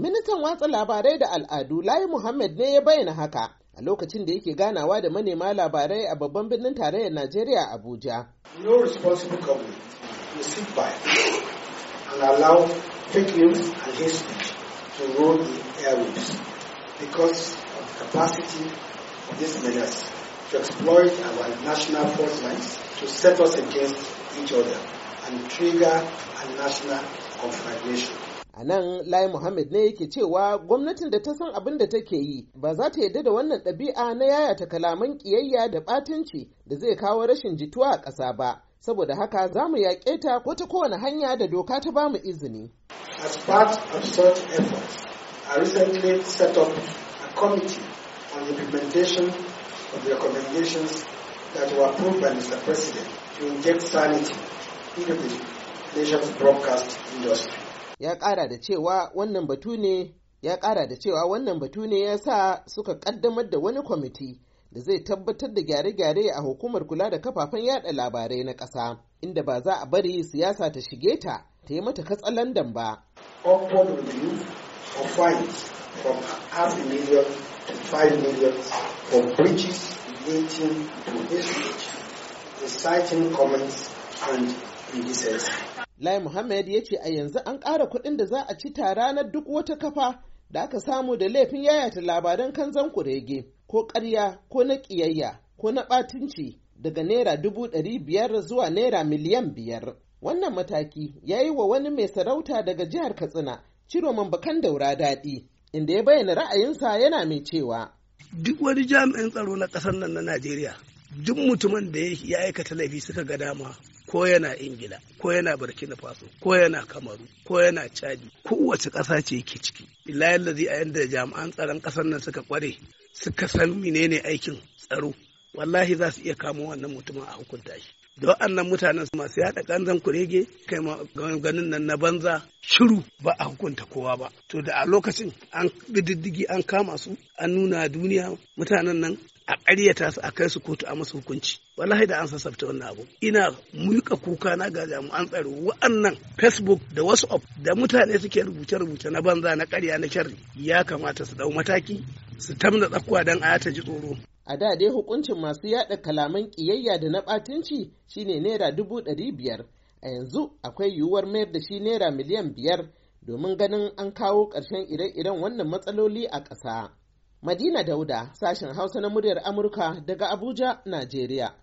Ministan watsa labarai da al'adu Layi Muhammad ne ya bayyana haka a lokacin da yake ganawa da manema labarai a babban birnin tarayyar Najeriya Abuja. No responsible government will sit by and allow and to airwaves because of the capacity of these menace to exploit our national fault lines to set us against each other and trigger a national conflagration. A nan Lai Muhammad ne yake cewa gwamnatin da ta san abin da take yi ba za ta yarda da wannan ɗabi'a na yayata kalaman ƙiyayya da ɓatanci da zai kawo rashin jituwa a ƙasa ba. Saboda haka za mu yaƙe ta ko ta kowane hanya da doka ta bamu izini. As part of such efforts, I recently set up a committee on implementation of the recommendations that were approved by Mr. President to inject sanity into the nation's broadcast industry. ya ƙara da cewa wannan batu ne ya ƙara da cewa wannan batu ne ya sa suka ƙaddamar da wani kwamiti da zai tabbatar da gyare-gyare a hukumar kula da kafafen yada labarai na ƙasa inda ba za a bari siyasa ta shige ta ta yi mata katsalandan ba. comments, and in Lai Muhammad ya ce a yanzu an ƙara kuɗin da za a ci tara na duk wata kafa da aka samu da laifin yayata labaran kanzan kurege ko ƙarya ko na ƙiyayya ko na ɓatunci daga naira dubu ɗari biyar zuwa naira miliyan biyar. Wannan mataki ya yi wa wani mai sarauta daga jihar Katsina Ciroman Bakan Daura daɗi inda ya bayyana ra'ayinsa yana mai cewa. Duk wani jami'in tsaro na ƙasar nan na Najeriya duk mutumin da ya aikata laifi suka ga dama ko yana ingila ko yana burkina faso ko yana kamaru ko yana chadi kowace ƙasa ce yake ciki illa yallazi a yadda jami'an tsaron ƙasar nan suka kware suka san menene aikin tsaro wallahi za su iya kamo wannan mutumin a hukunta shi da wa'annan mutanen masu yaɗa kanzan kurege kai ganin nan na banza shiru ba a hukunta kowa ba to da a lokacin an bididdigi an kama su an nuna duniya mutanen nan a ƙaryata su a kai su kotu a masu hukunci wallahi da an sassafta wannan abu ina mulka kuka na ga an tsaro wa'annan facebook da whatsapp da mutane suke rubuce-rubuce na banza na ƙarya na sharri ya kamata su dau mataki su tamna tsakuwa don a ta ji tsoro A da dai hukuncin masu yada kalaman ƙiyayya da na ɓatunci shine naira dubu ɗari biyar, a yanzu akwai yiwuwar mayar da shi naira miliyan biyar domin ganin an kawo ƙarshen ire-iren wannan matsaloli a ƙasa. Madina Dauda, sashen Hausa na muryar Amurka daga Abuja, Najeriya.